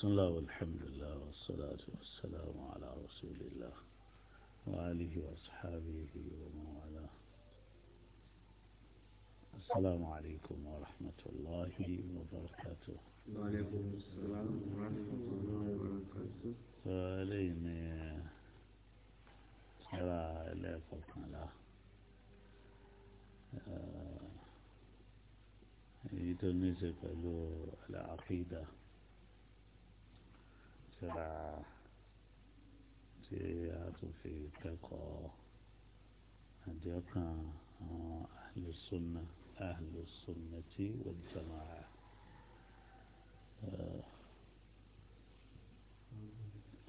بسم الله والحمد لله والصلاة والسلام على رسول الله وآله وأصحابه ومن والاه السلام عليكم ورحمة الله وبركاته وعليكم السلام ورحمة الله وبركاته فلين ترى لكم لا آه، له العقيدة síra tí a tún fi kẹ́kọ̀ọ́ àdéhùn àwọn àlùsùnà àlùsùnà tí wọ́n ti sàmà á.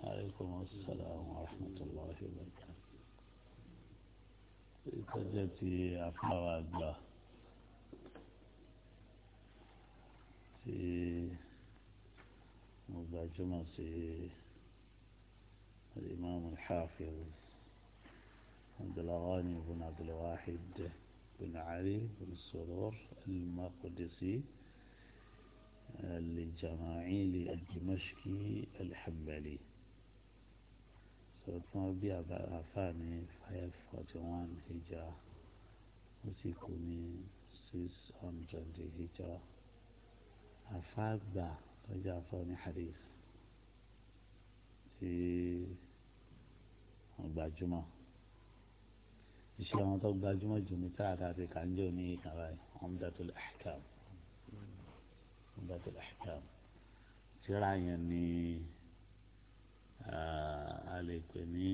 عليكم السلام ورحمة الله وبركاته ìtọ́jẹ́tì afárá àgbà tí ترجمة الإمام الحافظ عبد الأغاني بن عبد الواحد بن علي بن السرور المقدسي الجماعيل آه، الدمشقي الحنبلي سوف نبيع في 541 هجرة وسيكوني 620 هجرة أفاد بأ رجع فاني حديث tí wọ́n gbajúmọ̀ iṣẹ́ wọn tó gbajúmọ̀ jù ní táàtà àti kàńjọ ní ìkàrà Umdatul Ahkam Umdatul Ahkam tíra yẹn ní a lè pè ní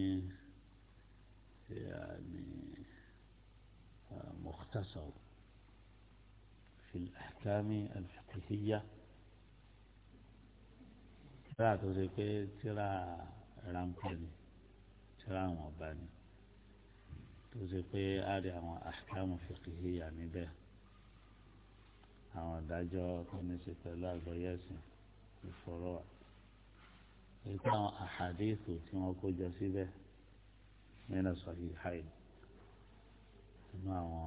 mukhtasar في الأحكام الفقهية tíra tó ṣe pé tíra ráńpẹ́ ni tíra àwọn ọba ni tó ṣe pé á rí àwọn àkàmù fìkìhìyà níbẹ̀ àwọn ìdájọ́ tó ní ṣe pẹ̀lú àgbọ̀yẹ̀sìn ìfọ̀rọ̀wà èyí tí àwọn àhàdíìsì tí wọ́n kó jọ síbẹ̀ nínú sọ̀hí haid nínú àwọn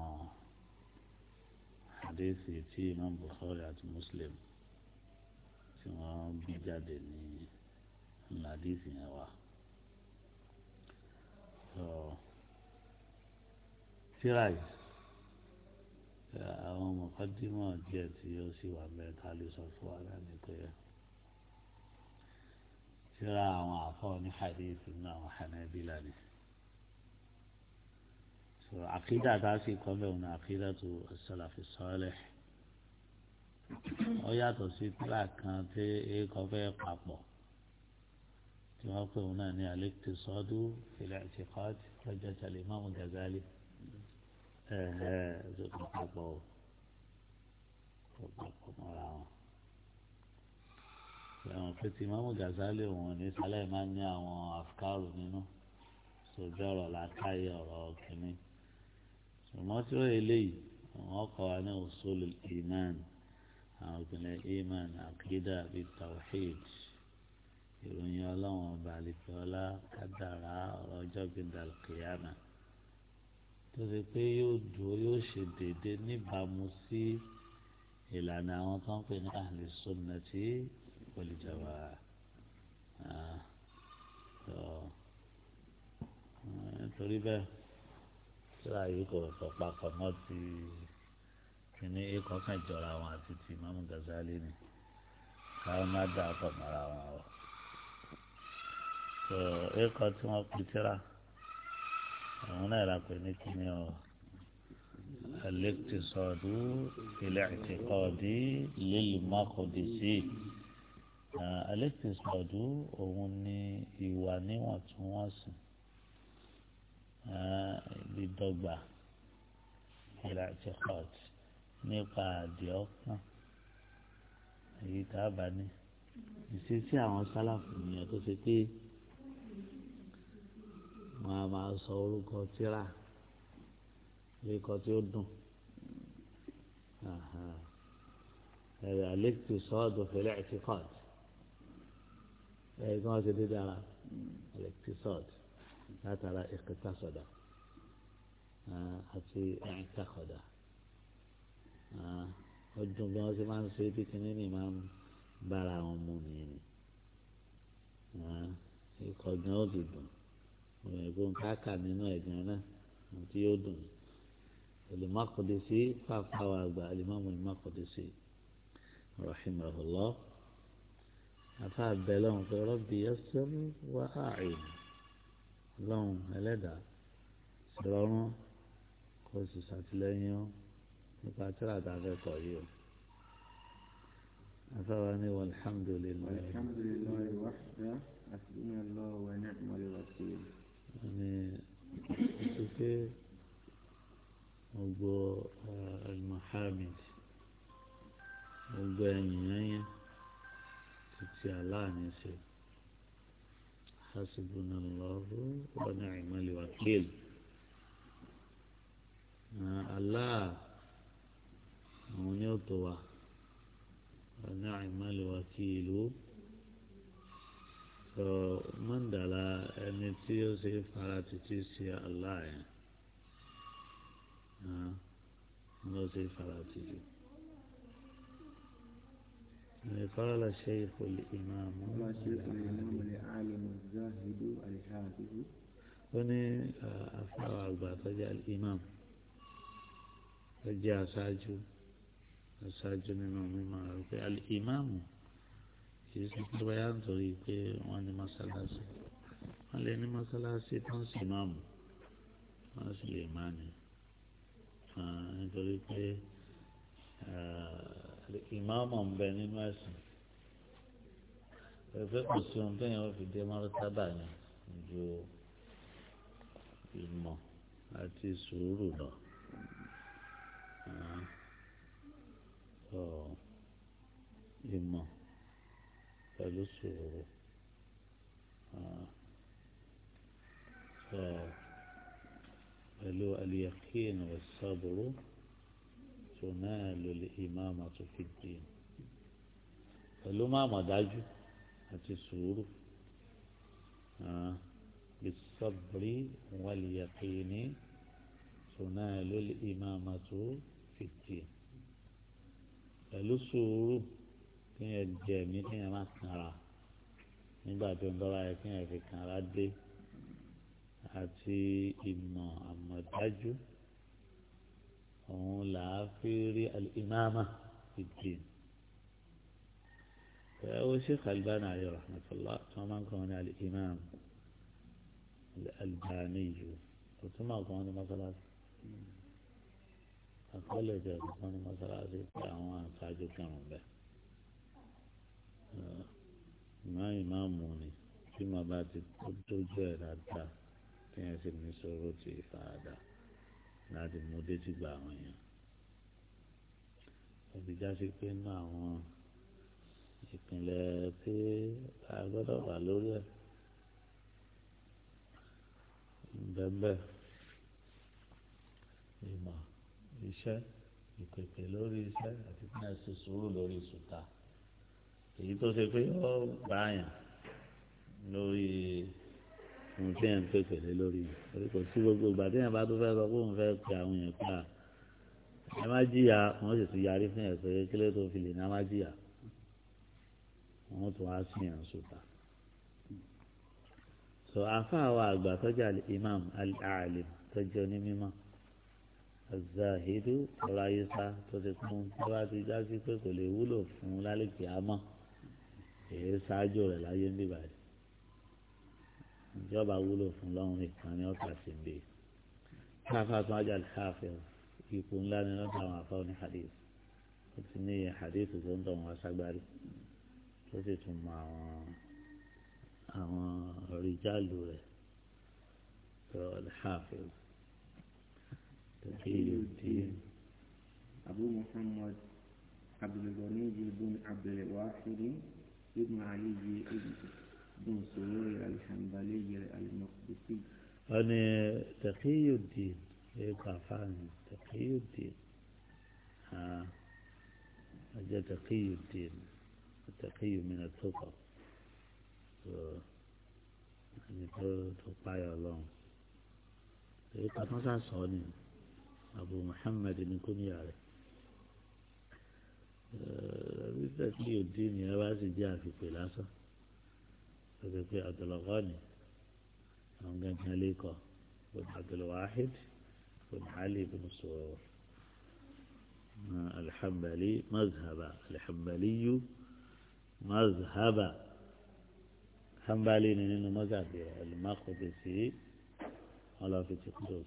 àhàdíìsì tí imam bukhari àti muslim tí wọ́n gbé jáde ní nàdísì yẹn wá. tíra yìí àwọn mọ̀kọ́dímọ̀ díẹ̀ tí ó sì wà bẹ́ẹ̀ ká lè sọ fún wa náà ni pé tíra àwọn àfọ́ ní hadith ní àwọn hanabila ni. so àkídà tá a sì kọ́ bẹ́ẹ̀ tu àkídà tó ó yàtọ̀ sí tíra kan tí èèkàn fẹ́ papọ̀ tí wọ́n pè wọn náà ní al-iqtisadu fil-i'tiqad lọ́jọ́ tẹ̀lé Imam Ghazali ẹ̀ẹ́dẹ́ tó papọ̀ o tó papọ̀ mọ́ra wọn. ẹ̀wọ̀n pé tí Imam Ghazali ní sálẹ̀ máa ń ní àwọn afkaru nínú sojú ọ̀rọ̀ làákàyè ọ̀rọ̀ kìíní ṣùgbọ́n tí ó eléyìí àwọn ọkọ̀ wa ní àwọn ìpínlẹ̀ iman akida bíi tawhid ìròyìn ọlọ́run ọba àlìfẹ́ọ́lá kádàrá ọ̀rọ̀ ọjọ́ gbẹ̀dà kìyàmà tó ṣe pé yóò dúró yóò ṣe déédéé níbàámu sí ìlànà àwọn tó ń pè ní ahli sunnati wal jamaa nítorí bẹ́ẹ̀ tí àyíkò sọ papọ̀ náà ti kìíní ikọ̀ kan jọra wọn àti ti Imamu Ghazali ni káwọn má dà pọ̀ mọ́ra wọn o tó ikọ̀ tí wọ́n pè tíra àwọn náà la pè ní kìíní o al-iqtisadu fil-i'tiqadi lil-Maqdisi al-iqtisadu òun ni ìwà níwọ̀ntúnwọ̀nsì dídọ́gba ìlà ìtìkọ́ọ̀tì nípa àdì ọkàn èyí tá a bá ní ìṣesí àwọn sálàfù nìyẹn tó ṣe pé wọn a máa sọ orúkọ tíra orúkọ tí ó dùn ẹ̀rọ àlékún sọ́ọ̀dù fẹlẹ́ ẹ̀tí kọ́ọ̀tù ẹ̀rọ kí wọ́n ṣe dédé ara àlékún sọ́ọ̀dù látara ìkẹta sọ̀dà àti ẹ̀ńtà kọ̀dà ọdún bí wọ́n ṣe máa ń ṣe bí kínní ni máa ń bára wọn mú nìyẹn ni ikọ̀ gan ó ti dùn òyìnbọn káàkà nínú ẹ̀gbọ́n náà tí yóò dùn olùmọ̀kọ̀dẹ́sí fàfàwọ̀ àgbà alimọ́mọ́ olùmọ̀kọ̀dẹ́sí rahimahullah afa abẹ́lẹ́wọ̀n pé rọ́bì yẹsẹ̀ wá àìní lọ́hùn ẹlẹ́dàá ṣèrọ̀rùn kò sì ṣàtìlẹ́yìn ọ́ nípa tíra tá a fẹ́ kọ̀ yìí o. أفواني والحمد لله والحمد لله وحده حسبنا الله ونعم الوكيل يعني أشوفي أبو المحامد أبو أنيانيا تتي الله نسي حسبنا الله ونعم الوكيل الله àwọn ní ọ̀tọ̀ wa ní àìmọ́lẹ̀ wa kí ìlú sọ mọ́ndàlá ẹni tí ó ṣe fara títí sí aláàyàn ní ó ṣe fara títí. قال الشيخ الإمام الشيخ الإمام العالم الزاهد الحافظ هنا أفعل الإمام فجاء ساجو ṣáájú nínú mímọ̀ rẹ̀ pé ìmáàmù kìí ṣe pé báyà nítorí pé wọ́n ní mọ́sálásí wọ́n lè ní mọ́sálásí tó ń sì máàmù wọ́n sì lè má ní nítorí pé ìmáàmù ń bẹ nínú ẹ̀sìn ẹ̀fẹ́ kò sí ohun téèyàn fi dé mọ́rítàbà yẹn ju ìmọ̀ àti sùúrù lọ ìmọ̀ pẹ̀lú sùúrù pẹ̀lú aliyakin wasaburu tunalu imama tó fi dì pẹ̀lú máàmọ̀ dájú àti sùúrù bisabiri waliyakini tunalu imama tó fi dì pẹ̀lú sùúrù kí yẹn jẹ̀mí kí yẹn má kanra nígbà tó ń dọ́ra yẹ kí yẹn fi kanra dé àti ìmọ̀ àmọ̀dájú òun là á fi rí alìmáàmà ìdí. Ẹ wo Sheikh Albani alayhi rahmatullah tí wọ́n máa ń kọ́ ní alìmáàmù alìbáníyù òtún máa kọ́ ní mọ́sálásí àkọọ́lẹ̀ jẹ́ ìkọ̀kan ní mọ́sálásí pé àwọn àṣáájú kẹrùn bẹ́ẹ̀. ìmáà ìmáà mú ni tí màá bá ti tójú ẹ̀ dáadáa tí yẹn sì ní sọ̀rọ̀ ti fàádà láti mú dé ti gba àwọn èèyàn. òbí pé ní àwọn ìpìlẹ̀ pé a gbọ́dọ̀ wà lórí ẹ̀ bẹ́ẹ̀ bẹ́ẹ̀ ìmọ̀ iṣẹ́ ìpèpè lórí iṣẹ́ àti kí náà ṣe sùúrù lórí ìsùta èyí tó ṣe pé ó báyàn lórí ohun tí yẹn ń pèpè lé lórí torí kò sí gbogbo ìgbà tí yẹn bá tó fẹ́ sọ pé òun fẹ́ pe àwọn yẹn pa ẹ má jìyà wọn sì ti yarí fún yẹn pé kílẹ̀ tó fi lè ní a má jìyà wọn tún wá sí yẹn sùta so àfa àwọn àgbà tọ́jà imam alim tọ́jú onímọ̀ azahidu ọ̀rọ̀ ayíṣá tó ti kún tó bá ti já sí pé kò lè wúlò fún lálẹ́kì àmọ́ èyí ṣáájú rẹ̀ láyé ń bíbàdí ìjọba wúlò fún lọ́run nìkan ní ọ̀tà sí ń bè káfá tún ajá káfẹ́ ipò ńlá ni lọ́dọ̀ àwọn afọ́ ní hadith ó ti ní hadith tó ń tọ̀wọ́n aṣágbárí tó sì tún mọ àwọn àwọn rìjálù rẹ̀ tó lè káfẹ́ تقي الدين أبو محمد عبد الغني بن عبد الواحد ابن علي بن سرور الحنبلي المقدسي أنا تقي الدين يقع فعلا تقي الدين ها هذا تقي الدين التقي من التقى يعني تقى يا الله يقع فعلا صالح أبو محمد بن كنياري تسلية أه، أه، أه، الدين يا واسي جاء في فلاسة في عبد الغني هم كان هليقة بن عبد الواحد بن علي بن الصور الحنبلي مذهب الحنبلي مذهب الحنبلي لأنه مذهب المقدسي على في تقدس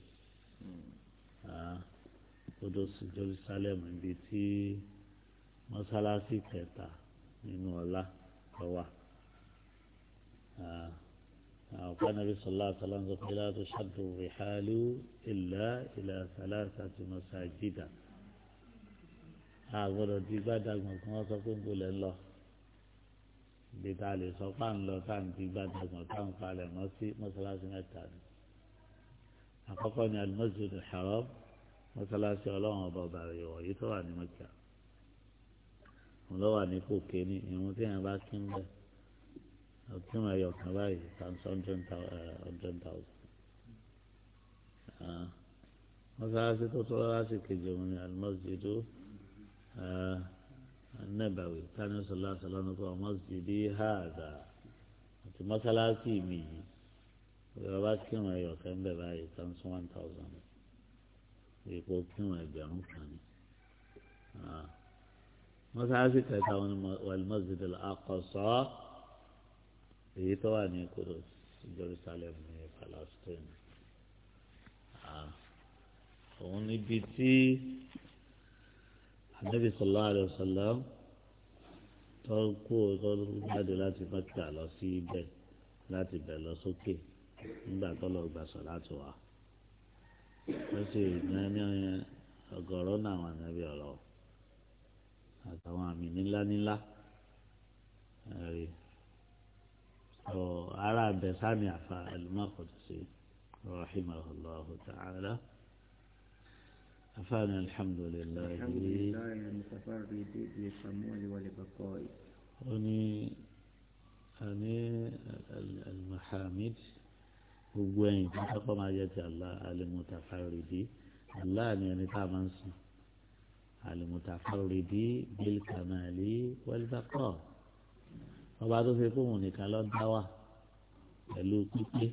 kódósì Jerusalem ibi tí mọ́sálásí kẹta nínú ọlá tó wà. وكان النبي صلى الله عليه وسلم يقول لا تشد الرحال إلا إلى ثلاثة مساجد àgbọ̀dọ̀ di gbàdàgbọ̀n kí wọ́n sọ pé ń bolẹ̀ ń lọ gbèdà lè sọ pé à tá à ń di gbàdàgbọ̀n tá à ń palẹ̀ mọ́ sí mọ́sálásí mẹ́ta ni àkọ́kọ́ ni al-Masjid al-Haram mọ́sálásí ọlọ́run ọba ọba rẹ̀ wọ̀nyí tó wà ní Mẹ́kà òun ló wà ní kòkè ní ìrún tí yẹn bá kí ń bẹ̀ ọtí wọn ẹyọ kan báyìí times hundred eh, thousand ah, mọ́sálásí tó tó lọ́sí kejì òun ni al-Masjid eh, an-Nabawi tani nípa al-Masjid hadha àti mọ́sálásí mi ìjọba kírun ẹyọ kan bẹ̀ báyìí kan tún one thousand èpo kírun ẹgbẹ̀rún kan ni ah. mọ́sáàsì kẹta wọn ni wàlúmọ́sí dẹ̀ akọ̀sọ́ èyí tó wà ní kúrò Jerusalem ní Palestine ah. òun níbi tí anabi sallallahu alayhi wa sallam tó kú tó jáde láti Mẹ́kà lọ sí ibẹ̀ láti bẹ̀ lọ sókè. So nígbà tó lọ gbà sọ láti wá ó sì gbẹ́mí ọgọ́rọ́ náà wà níbi ọ̀rọ̀ àtàwọn àmì ńlá ńlá ẹ̀rí ọ̀ ara Taala. sami àfa al-Maqdisi رحمه الله di أفانا الحمد لله الحمد لله المتفرد بالشمول والبقاء أني أني المحامد gbogbo ẹ̀yìn fún kápọ́ máa yẹ ti Allah alimutakharidi Allah ni ẹni tá a máa ń sìn alimutakharidi bil kamali wal baqa ọba tó fi kóhùn nìkan lọ dá wà pẹ̀lú pípé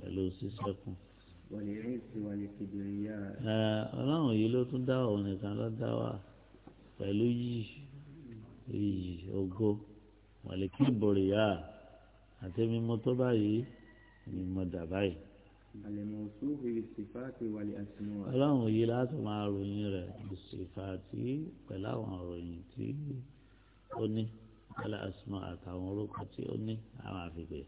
pẹ̀lú sísẹ́kùn. ọlọ́run yìí ló tún dá òun nìkan lọ dá wà pẹ̀lú yìí yìí ògo wàlẹ́kìbòrìyà àti mímú tó báyìí ni mo dà báyìí. ọlọ́run yìí láti máa ròyìn rẹ̀ ìsìfàtì pẹ̀lú àwọn ròyìn tí ó ní pẹ̀lú àsìmọ́ àtàwọn orúkọ tí ó ní àwọn àfihàn.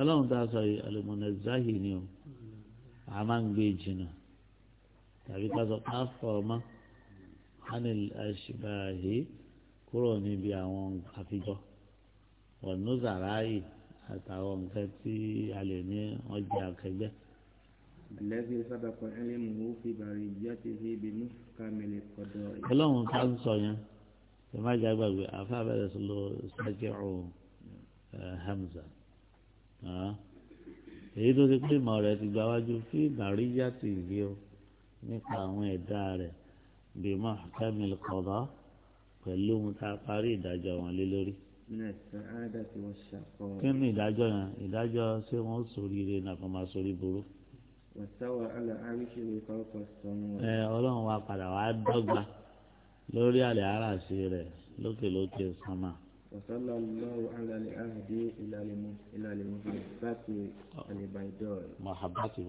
ọlọ́run tá a sọ yìí alimunazahi ni o a máa ń gbé jìnnà tàbí ká sọ pé a fọ ọmọ kúrò níbi àwọn àfijọ́ ọ̀nùzàráyì àtàwọn nǹkan tí a lè ní ọjà akẹgbẹ́. àlẹ́bí sábàkọ ẹlẹ́mu ó fi bàrí ìjẹ́ ti fi ibi mú kàmìlì kọ̀dọ̀. ọlọ́run ká ń sọ yẹn ẹ má jẹ́ àgbàgbé àfa bẹ̀rẹ̀ sí lo ṣáàkìrù Hamza èyí tó ti pé ìmọ̀ rẹ̀ ti gba wájú fi bàrí ìjẹ́ ti yí o nípa àwọn ẹ̀dá rẹ̀ bí mú kàmìlì pẹ̀lú ohun tá a parí ìdájọ́ wọn lé lórí. kí ni ìdájọ́ yẹn ìdájọ́ ṣé wọ́n sórí ire náà kò máa sórí burú. ẹ ọlọ́run wa padà wá dọ́gba lórí àlẹ́ àràṣe rẹ̀ lókè lókè sánmà. وصلى الله على العهد إلى إلى المحبة البيضاء محبته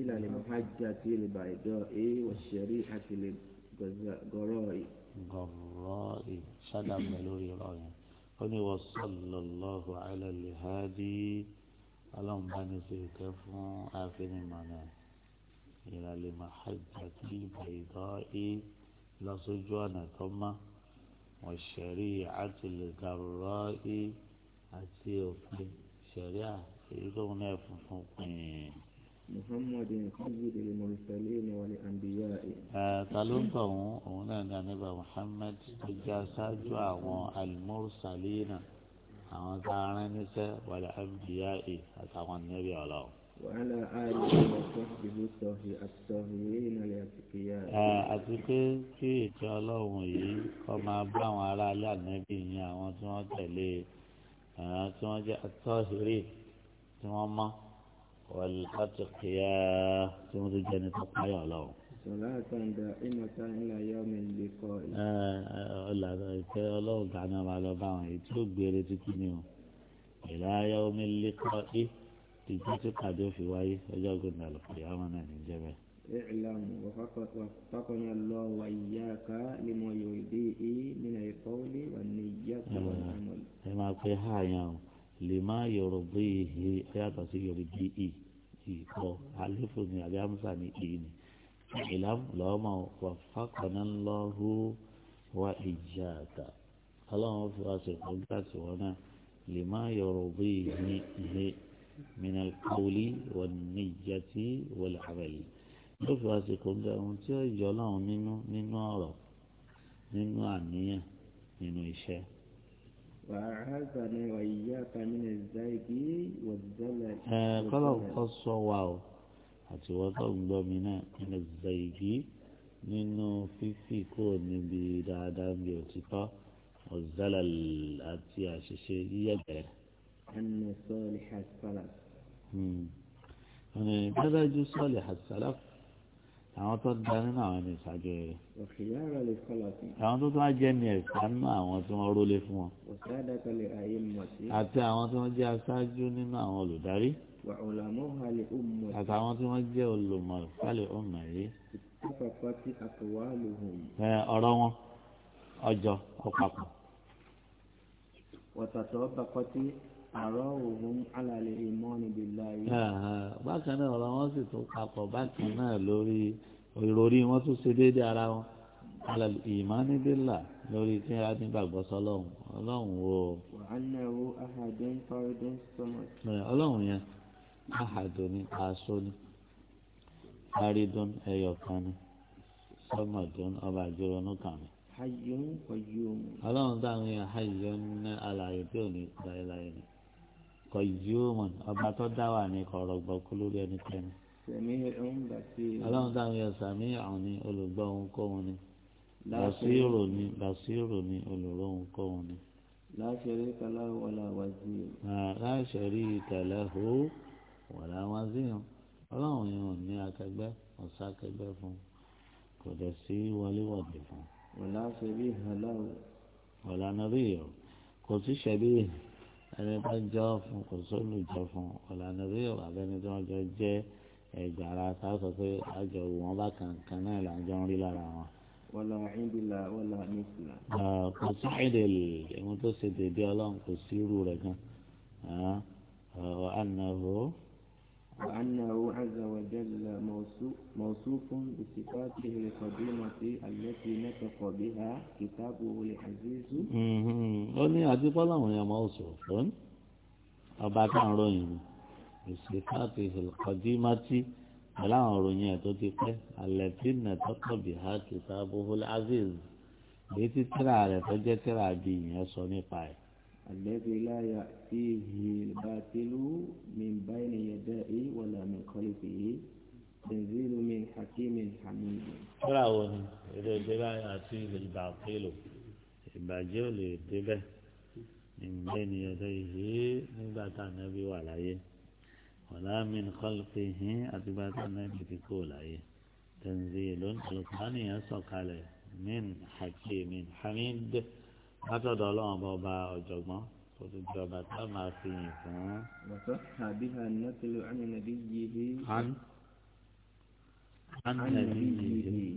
إلى المحجة البيضاء والشريعة pẹ̀lú gọ́rọ́ yìí. gọ́rọ́ yìí ṣàdàmù lórí irọ́ yẹn ó ní wọ́n sọ̀lọ́lọ́hùn alẹ́lẹ́ hádì aláǹbánisẹ̀ kẹ́ fún àfinimọ̀nà ìrànlẹ̀ màhájà tí bàyìdọ́ yìí lọ́sọ́jú ọ̀nà tó mọ́ wọ́n ṣẹ̀rí àtìlẹ̀ gàrọ́ àti òfin ṣẹ̀rí à èyí tó ń náà funfun pín in. محمد سيد المرسلين والأنبياء تلونتو هنا نبي محمد جاساجو àwọn المرسلين àwọn tá a rán níṣẹ́ والأنبياء àtàwọn nẹ́bí ọlọ́run. وعلى آله وصحبه الطاهرين الأتقياء. àti pé kí ìjọ ọlọ́run yìí kọ́ máa bá àwọn aráalé ànábì yẹn àwọn tí wọ́n tẹ̀lé àwọn tí wọ́n jẹ́ àtọ́hìrì tí wọ́n mọ́. يا ثم تجاني تقايا له صلاة دائمة إلى يوم اللقاء ألا كيا له كان على بعض يتوب بيرتكنيو إلى يوم اللقاء تجاتي قادو في واي وجا قلنا القيامة من اعلم وفقنا الله وإياك لما يريده من القول والنية والعمل. ما في حاجة lè má yọrọ bí ihe yàtọ̀ sí yọrọ bí i ìkọ àlefò ní àbí amúsà ní ìyí ni ìlànà lọ́mọ wà fákànnà lọ́hù wà ìjà àtà ọlọ́run fi wá ṣe pọ̀ nígbà tí wọ́n náà lè má yọrọ bí ihe ihe mìíràn kọ́ọ̀lì wọ́n ní ìjà tí wọ́n fi wá ṣe pọ̀ nígbà tí ó yọ ọlọ́run nínú nínú ọ̀rọ̀ nínú àníyàn nínú iṣẹ́. فأعاذني وإياك من الزيغ والزلل قال القصة واو àti wọ́n tó ń gbọ́ mi náà nínú zaigi nínú fífi kó níbi dáadáa bí òtítọ́ ọ̀zálàl àti àṣìṣe yíyẹ̀bẹ̀rẹ̀. ẹnu sọ́ọ̀lì hasalaf. ọ̀nà hmm. ìdájọ́ sọ́ọ̀lì hasalaf àwọn tó da nínú àwọn ẹni ìṣáájú rẹ àwọn tó tún á jẹ ní ẹ̀ka nínú àwọn tí wọ́n rólé fún wọn àti àwọn tí wọ́n jẹ́ aṣáájú nínú àwọn olùdarí àtàwọn tí wọ́n jẹ́ olùmọ̀ fálẹ̀ ọmọ yìí ọ̀rọ̀ wọn ọjọ́ ọ̀pàpọ̀ àrọ́ òhun alàlẹ́ ìmọ́ni bíláyé. bákan náà ọ̀rọ̀ wọn sì tún papọ̀ bákan náà lórí ìròrí wọn tún ṣe déédéé ara wọn alàlẹ́ ìmọ́ni bílà lórí tí a ti gbàgbọ́ sọlọ́hún ọlọ́hún o. wàhálàwó ahadun fardun sọmọt. ọlọ́hún yẹn ahadun ni aṣọ ni faridun ẹyọkan ni sọmọdun ọba àjọyọ̀nù kan ni hayyon qayyum. ọlọ́run táwọn èèyàn hayyon ní alàyè tí ò láéláé ni kọ̀yúmọ̀n ọba tó dá wà ní kọ̀rọ̀ gbọ̀kú lórí ẹnikẹ́ni. ọlọ́run dáhùn yẹ sàmí àwọn ni olùgbọ́ ohunkóhun ni bàṣírò ni bàṣírò ni olùrọ̀ ohunkóhun ni. láṣẹrí kàlá wàlá wàzí. láṣẹrí kàlá hó wàlá wàzí hàn ọlọ́run yẹn ò ní akẹgbẹ́ ọ̀sá akẹgbẹ́ fún kò dẹ̀ sí wọléwọ̀dì fún. wàlá ṣẹbí hàlá. wàlá nàbí yọ kò sí ṣẹbí ẹni tó ń jọ fún kò sólù jọ fún ọ̀làna bí yóò abẹ́ni tó ń jọ jẹ́ ẹgbàrá sáfọ pé àjọ wò wọn bá kankan náà là ń jọ ń rí lára wọn. wọlá ìdílà wọlá nísìlà. kò sí ìdèlè ìwọ́n tó ṣe dèbí ọlọ́run kò sí irú rẹ̀ gan. ọ̀hánà ó. وأنه عز وجل موصوف بصفاته القديمة التي نطق بها كتابه العزيز. Mm-hmm. ó ní àdìpọ́ làwọn èèyàn máa sọ fún ọba tá à ń ròyìn ni بصفاته القديمة pẹ̀lú àwọn òròyìn ẹ̀ tó ti pẹ́ التي نطق بها كتابه العزيز èyí tí tíra rẹ̀ tó jẹ́ tíra bíi ìyẹn sọ nípa ẹ̀. الذي لا يأتيه الباطل من بين يديه ولا من خلفه تنزيل من حكيم حميد براو الذي لا يأتيه الباطل ìbàjẹ́ ò lè débẹ̀ ìgbẹ́ ni ọ̀dọ́ yìí nígbà tá a nábì wà láyé ọ̀la min kọ́lùfẹ́ yìí àtìgbà tá a nábì ti kó láyé tẹ̀síìlú alùpàá nìyẹn sọ̀kalẹ̀ min hakeem min hamid látọ̀dọ̀ ọlọ́run ọba ọba ọ̀jọ̀gbọ́n tó ti di ọba tá a máa fi yìn fún. bàtà tàbí ànátìlú ànínàbí yìí. ànínàbí yìí.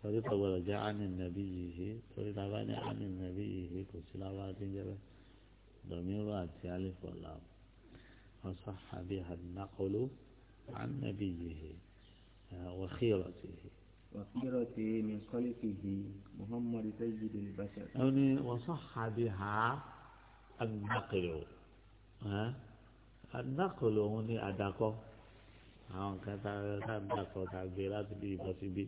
torí tó gbọdọ̀ jẹ́ ànínàbí yìí torí tá a bá ní ànínàbí yìí kò sí láwa tí ń jẹ́bẹ́ dọ̀míwò àti àlefò làwọn. ọ̀sán àbí ànákọ́lù ànínàbí yìí wàhíìrọ̀ tìhì. وخيرة من خلقه محمد سيد البشر يعني وصح بها النقل ها النقل هنا أداكو àwọn kan tá a dàpọ̀ tàgbé láti bí ìbọn síbí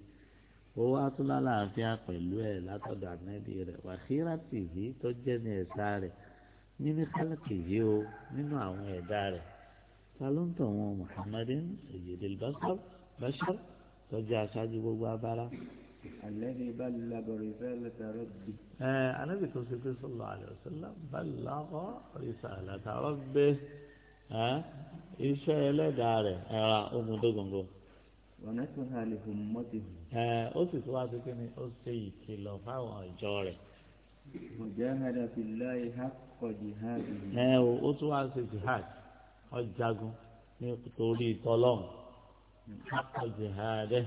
ó wá tó lálàáfíà pẹ̀lú ẹ̀ látọ̀dọ̀ ànábì rẹ̀ wàhírà tìhí tó jẹ́ ní ẹ̀sà rẹ̀ nínú kálíkì yìí o nínú àwọn ẹ̀dá rẹ̀ ta ló ń tọ̀ wọn muhammadin sayyidil bashar bashar tọ́jú aṣáájú gbogbo abala. alẹ́ni balùwẹ̀ àbọ̀rìṣẹ́ lẹ́tàrọ́ bì. ẹ anábì tó ṣe pé sọlọ àlẹ́sọ́lá balùwẹ̀ àbọ̀rìṣẹ́ lẹ́tàrọ́ bì ẹ iṣẹ́ ẹlẹ́dàá rẹ̀ ẹ̀ra omudógóńgó. wọnà tún hà lè fún mọ́tì. ẹ ó sì tún wá sí kí ni ó ṣe ìkìlọ̀ fáwọn ìjọ rẹ̀. mujahada fillahi haqqa jihad. ẹ o ó tún wá sí jihad ọjàgun nítorí tọlọ́run. حق جهاده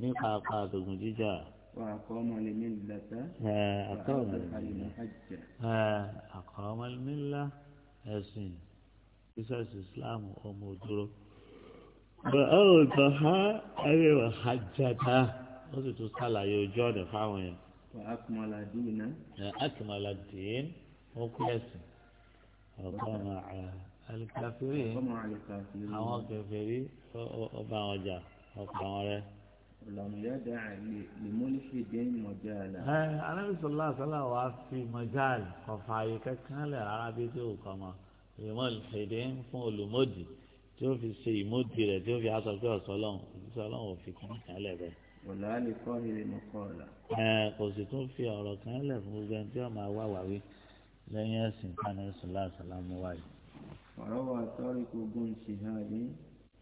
nípa apá àtògùn jíjà. àkọ́mọ́lẹ́mílá ẹ̀sìn jesus islam ọmọ òdúró. ọ̀rọ̀ ìtàn ha ẹ̀rẹ̀ wà hajjata ó sì tún sàlàyé ojú ọ̀nà fáwọn yẹn. akimala dín ó kú ẹ̀sìn ọ̀pọ̀ ọ̀nà ààrẹ alikafiri àwọn kẹfẹri ọba àwọn ọjà ọ̀pọ̀ àwọn rẹ. ọ̀làmúyàdá lèmọ́lẹ́sì dé mọ̀jáàlà. ẹ alábìsọ̀lá àṣálà wa fi mọ̀jáàlì ọ̀fà ayé kankan lẹ̀ rárá bí tí ò kọ́ mọ́ lèmọ́lẹ́sì dé fún olùmọ́dì tí ó fi ṣe ìmọ̀dì rẹ̀ tí ó fi aṣọ pé ọ̀sọ́ lọ́hùn òṣìṣẹ́ ọlọ́hùn òfin kan kan lẹ̀ bẹ́ẹ̀. ọ̀là á lè kọ́ ilé mọ́kọ́ ọ̀la. ẹ kò sì tún fi ọ̀rọ̀ kan lẹ̀ fún gbogbo ẹni tí ó máa wá wàwí lẹ́yìn ẹ̀sìn kánẹ́sùn láṣàlámú wáyé. وروى طارق بن شهاب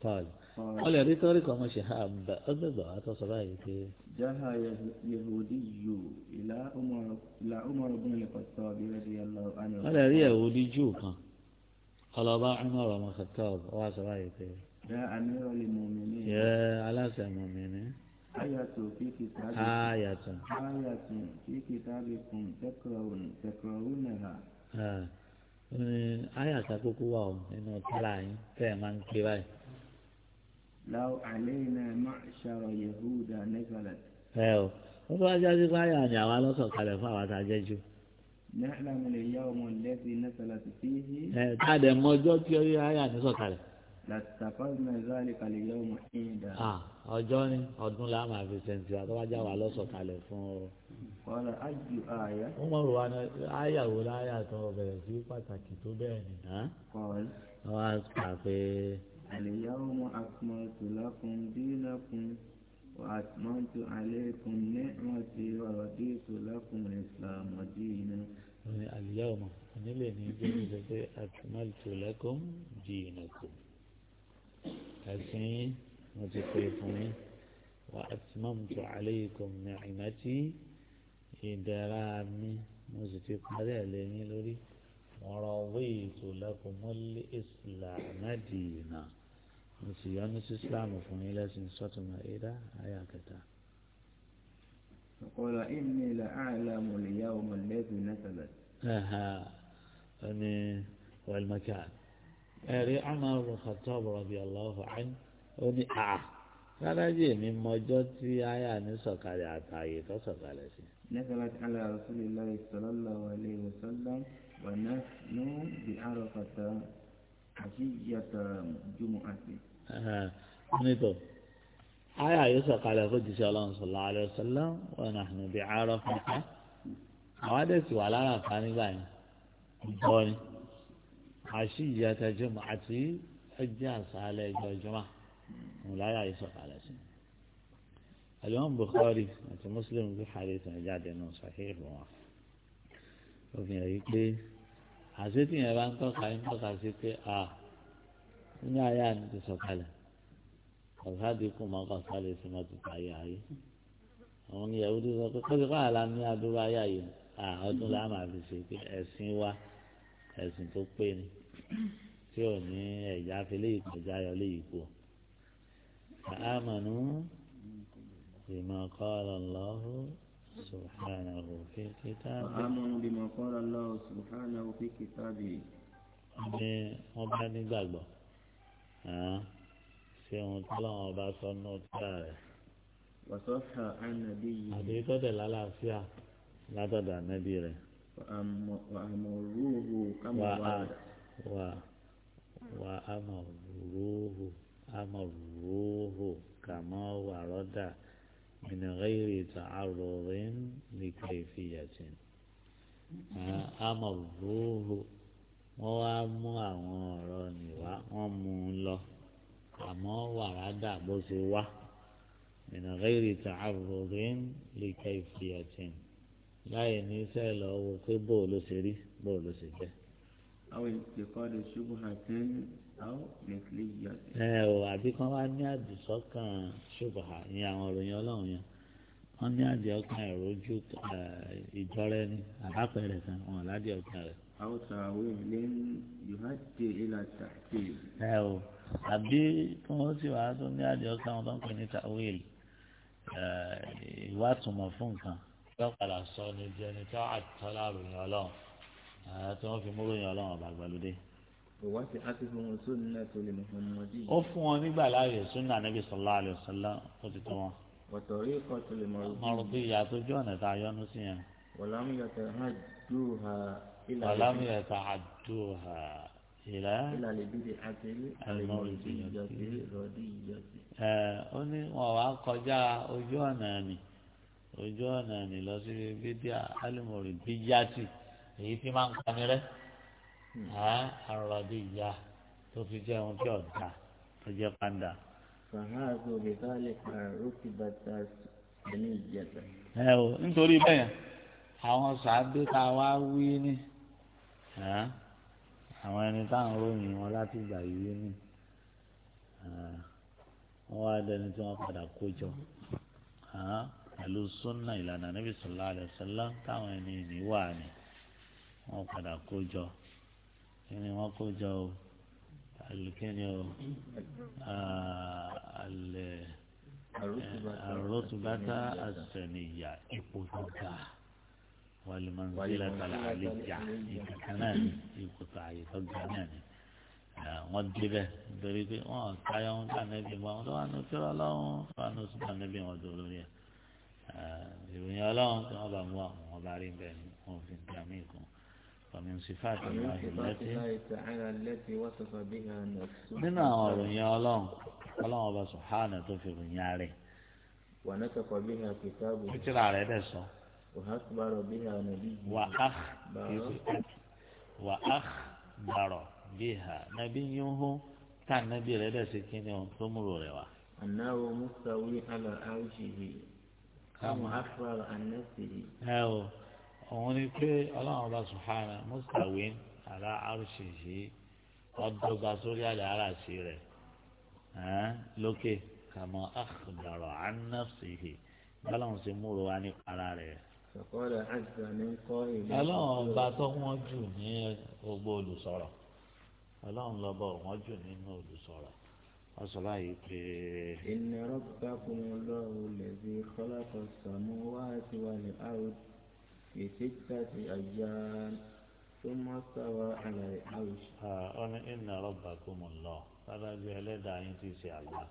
قال قال يعني طارق بن شهاب أبدا أتصل في جاء يهودي إلى عمر إلى عمر بن الخطاب رضي الله عنه قال يعني يهودي جوكا قال ضاع عمر بن الخطاب وأتصل يا أمير المؤمنين يا على المؤمنين آية في كتابكم آية آية في كتابكم تكرهون تكرهونها ayàtà kúkú wà ó ịnụ tíra anyị nke a máa ń ké báyìí. láwọ àlẹ́ náà máa ṣàrọ̀ yehuda nẹ́gàlẹ̀. ẹ o ó bá jáde pé ayà ni àwa lọ́sọ̀ kalẹ̀ fún àwọn àtàjẹ́ jù. làtàfàdùnà ìzáàlì kalẹ̀ yẹ ọmọ ẹ̀yìn dà. ọjọ́ ni ọdún la máa fi ṣe ntìyà tó wá já wa lọ́sọ̀kalẹ̀ fún ọ. kọ́lá ájú àyà. wọ́n mọ̀ wá ní àyàwó láyà tó bẹ̀rẹ̀ sí pàtàkì tó bẹ́ẹ̀ nìyà. kọ́lá. wọ́n á kà pé. àlẹ́ ọmọ akọ̀mọ̀ tòlá fún dínà fún. وأتممت عليكم نعمتي ورضيت لكم الإسلام دينا اليوم أنا لن أتممت لكم دينكم الحسين وجفيتني وأتممت عليكم نعمتي إدرامي مزفق هذا لني لوري ورضيت لكم الإسلام دينا نسيان الإسلام فني لازم صوتنا إلى آياتا فقال إني لأعلم اليوم الذي نزلت أها أني والمكان ẹ̀rí Umar ibn Khattab radiyallahu anhu ó ní à sádájì mi mọjọ́ tí aya ní sọ̀kalẹ̀ àtàyè tó sọ̀kalẹ̀ sí. nazalat ala rasulillahi sallallahu alayhi wa sallam wa nahnu bi Arafata àṣìyàtà jumu'ati. nítò aya yóò sọ̀kalẹ̀ fún jíṣẹ́ ọlọ́run sallallahu alayhi wa sallam wa nahnu bi Arafata àwọn adẹ́sì wà lára àfa nígbà yẹn bọ́ni àṣìyí àtẹjọmọ àti ẹjẹ àṣàlẹ ẹjọ ìjọba òun láyà ìsọkalẹ sí alimam Bukhari àti Muslim gbé hadith náà jáde nù sahih wọn òfin yẹn pé àṣetì yẹn bá ń tọ́ka ń tọ́ka sí pé a nínú ayé àná ti sọ̀kalẹ̀ ọ̀sáàdì kù mọ́ kọ̀sálẹ̀ sí mọ́ ti parí ayé àwọn ìyàwó tó sọ pé kọ́sí kọ́ àlá ní adúrú ayé àyè ọdún láàmà fi ṣe pé ẹ̀sìn wa ẹ̀sìn tó pé ni tí ò ní ẹ̀yà afẹ́lẹ́ ìkọjá yọ lé ìkó. àmànú bima qala Allahu subhanahu fi kitabihi. àmànú bima qala Allahu subhanahu fi kitabihi. ní wọ́n bá nígbàgbọ́ ṣé ohun tí lọ́wọ́ bá sọ ní ọjà rẹ̀. wàsọ́fà ànàbí yìí. àdéhùn tẹ̀ lálàáfíà látọ̀dọ̀ ànábì rẹ̀. wàá mọ̀ rúurú kámọ̀ wá wà wà amọ̀rúhù amọ̀rúhù kàmọ́ wà rọ́dà mìnìrẹ́rì tààrọ̀rìn nìkan ìfìyàtì amọ̀rúhù wọ́n wá mú àwọn ọ̀rọ̀ nìwá wọ́n mú un lọ àmọ́ wà rádà bó ṣe wá mìnìrẹ́rì tààrọ̀rìn nìkan ìfìyàtì láì ní sẹ́ẹ̀ lọ́wọ́ pé bóòlù ṣe rí bóòlù ṣe jẹ́ àwọn ìpèkọ́lẹ̀ ṣubuhatin àwọn mẹ̀kìlẹ̀ yíyàtì. ẹ ò àbí kan wá ní àdìsọ́kàn ṣubuha ní àwọn òròyìn ọlọ́run yẹn wọ́n ní àdìọ́kàn ìrójú ìjọ́rẹ́ ni àbápẹ̀rẹ̀ kan wọn ládìọ́kàn rẹ̀. àwọn tààwé ilé ń yòhádìí ìlà tààtì. ẹ ò àbí kí wọ́n sì wàá tún ní àdìọ́kàn wọn tó ń pè ní tààwé ìwà àtùmọ̀ fún nǹkan lọ́pàá Ah, tí wọ́n fi múrò yàn ọlọ́run ọba gbàlódé. ìwà ti àtìkù sunna tó lè muhammadi. ó fún wọn nígbà láàyè sunna nabi sallallahu alayhi wa sallam ó ti tó wọn. wọ̀tọ̀rí kan tó lè mọ̀rọ̀ bí. mọ̀rọ̀ ọ̀nà tá a yọnu sí yẹn. wàlámù yàtọ̀ àdúrà ilà lè àtẹlẹ àlèmọ̀rìdì ìjọsí ẹ ó ní wọn wá kọjá ojú ọ̀nà ni ojú ọ̀nà ni lọ sí bídíà alimọ̀rìdì yàtì èyí tí máa ń pani rẹ ẹ arọ̀dé ìyá tó fi jẹ́ ohun tí ọ̀dà tó jẹ́ pàǹdà. fàhádù rìbálì kàrókì bàtà ẹni ìjẹta. ẹ o nítorí bẹ́ẹ̀ àwọn sàádé tá a wá wí ni àwọn ẹni táwọn ròyìn wọn láti gbà yí ni wọ́n wá dẹni tí wọ́n padà kó jọ pẹ̀lú súnà ìlànà níbi sọ̀lá àlẹ́ sọ́lá táwọn ẹni ìníwà ni wọn padà kó jọ kí ni wọn kó jọ o alikẹni o alẹ arotubata asẹniya ipò tó ga walimanzila tala alija ìkàkànnà ni ipò tó ayé tó ga náà ni wọn débẹ̀ nítorí pé wọn káyọ ń gbà nẹbi wọn lọ wà ní kíra lọhùn wà ní oṣù nẹbi wọn dòrò yẹ ìròyìn Ọlọ́run tí wọn bá mú àwọn ọba rí bẹ́ẹ̀ ni wọn fi ń mí kún. ومن صفات الله التي وصف بها نفسه من أمر يا الله الله سبحانه توفيق ياري ونطق بها كتابه كتير على دسه وأخبر بها نبيه وأخبر وأخبر بها نبيه كان نبي لدسه كنيون تمر روا أنه مستوي على عرشه كما أخبر عن نفسه òun ni pé ọlọ́run ọba subhana mustawin ala arshihi ọdọ́gba sórí àlẹ́ aráàsì rẹ̀ lókè kama akhbara an nafsihi bọ́láwọn ṣe múro wa ní para rẹ̀. ọlọ́run ọba tó wọ́n jù ní gbogbo olùsọ̀rọ̀ ọlọ́run lọ́bọ̀ wọ́n jù nínú olùsọ̀rọ̀ ọsọlá yìí pé. inna rabbakum Allahu allazi khalaqa as-samawati wal ardh. في ستة أيام ثم استوى على العرش أنا إن ربكم الله فلا بيلد عين تيسي الله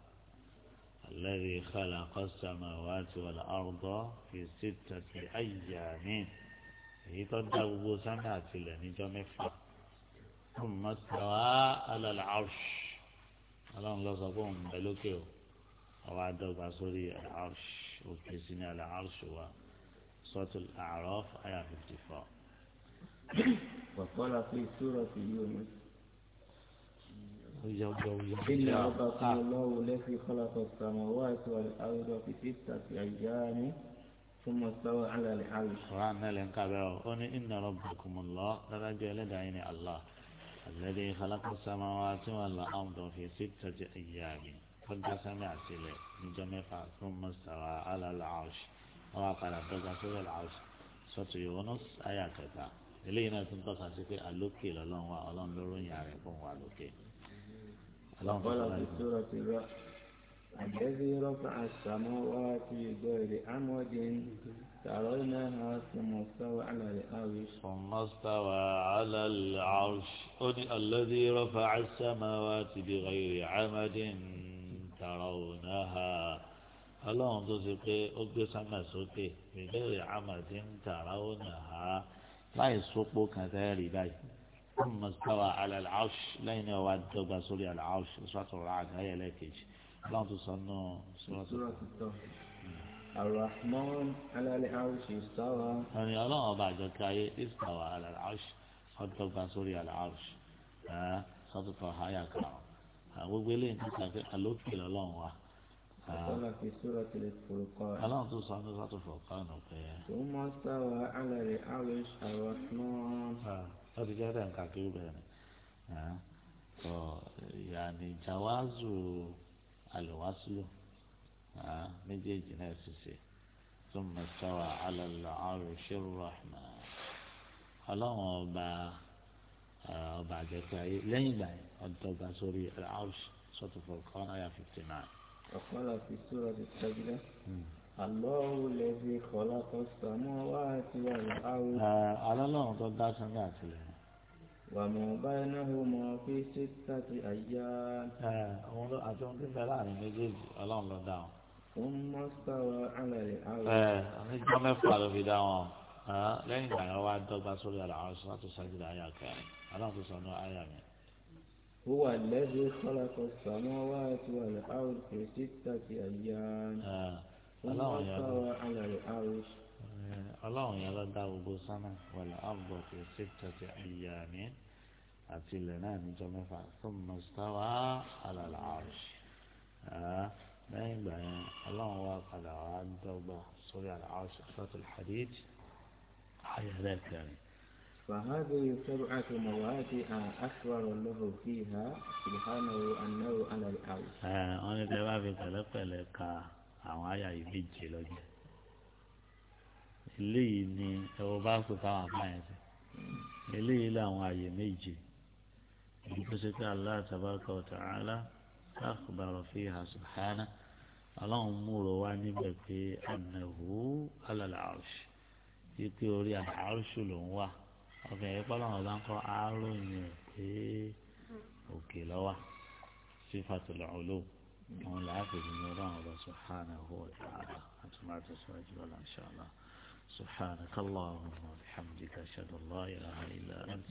الذي خلق السماوات والأرض في ستة أيام يتدعو سنة لنجا مفا ثم استوى على العرش اللهم لا صبون بلوكيو أو عدو بصري العرش وكسيني على العرش وكسيني سورة الأعراف آية 54 وقال في سورة يونس إن ربك الله الذي خلق السماوات والأرض في ستة أيام ثم استوى على العرش. وعنا لنقابعه إن ربكم الله رجع لدعيني الله الذي خلق السماوات والأرض في ستة أيام قد سمع سلة من جميع ثم استوى على العرش. وقال قال عبدالله سورة العوش سورة يونس آية كتا إلي إنا تنتقى سكي ألوكي للون وألون لرون يعني كون وألوكي قال في سورة الذي رفع السماوات بغير عمود ترونها ثم استوى على العرش ثم استوى على العرش الذي رفع السماوات بغير عمد ترونها ọlọ́run tó ti pé ó gbé sámà sókè ìbéèrè amadi ń tààrà ó nà á láì sopó kan tẹ́ rí báyìí ọmọ sábà alẹ́ àlàáṣ lẹ́yìn náà wàá dọ́gba sórí àlàáṣ sọ́tò rà àgáyẹ̀ lẹ́ẹ̀kejì ọlọ́run tó sọ nù sọ́tò. arahman alẹ́ àlàáṣ ìsáwà. ọ̀nì ọlọ́run ọba àjọkẹ́ ayé ìsáwà alẹ́ àlàáṣ ọ̀dọ́gba sórí àlàáṣ sọ́tò rà àgáyẹ̀ kan àwọn gbogbo eléyìí ti sàfihàn lókè lọ́lọ́run wa aláwọ̀ tó sọ àwọn sọ́tò fọ̀kàn pé. tó mọ sáwà alẹ́rẹ̀ àwẹ̀ ṣàwọ̀ náà. ó ti jẹ́ dẹ̀ nǹkan kiri bẹ́ẹ̀ ni tó yàní jawazu alùwàsílù méjèèjì náà ṣiṣẹ́ tó mọ sáwà alẹ́rẹ̀ àwẹ̀ ṣàwọ̀ náà. ọlọ́run ọba ọba àjẹpẹ́ ayé lẹ́yìn ìgbà yẹn ọ̀dọ́gba sórí àwùjọ sọ́tò fọ̀kàn ayà fifty nine. وقال في سورة السجدة الله الذي خلق السماوات والأرض على الله تدعى سمعت له وما بينهما في ستة أيام أولا أتون تفعل من جيد الله الله دعا ثم استوى على العرش أنا كم أفعل في دعوة لين دعوة دعوة سورة العرش لا تسجد آية كامل أنا تسجد آية كامل هو الذي خلق السماوات والأرض في ستة أيام آه. ألا على آه. في ستة أيام في الليل ثم ثم استوى على العرش آه. الله واقع على عبده وبحصوله على فهذه سبعة مواتئ أكبر له فيها سبحانه أنه على الأرض أنا تبابي تلقى لك àwọn àyà yìí méje lọ́jọ́ eléyìí ni ẹ̀wọ̀n bá kú táwọn àbáyẹn sí eléyìí làwọn àyè méje èyí tó ṣe pé Allah tabaraka wa ta'ala akhbara fiha subhana ọlọ́run múrò wá níbẹ̀ pé annahu ala al-arsh yìí pé orí al-arsh lòún wà ọbẹ̀ yẹn kọ́ lọ́wọ́ bá ń kọ́ àáròyìn pé òkè lọ́wọ́ sifatul ulu òun làáfíì ní ọlọ́run ọba subhanahu wa ta'ala àti máa tẹ̀síwájú ọ̀la insha Allah سبحانك اللهم وبحمدك أشهد أن لا إله إلا أنت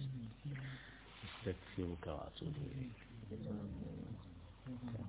استغفرك وأتوب إليك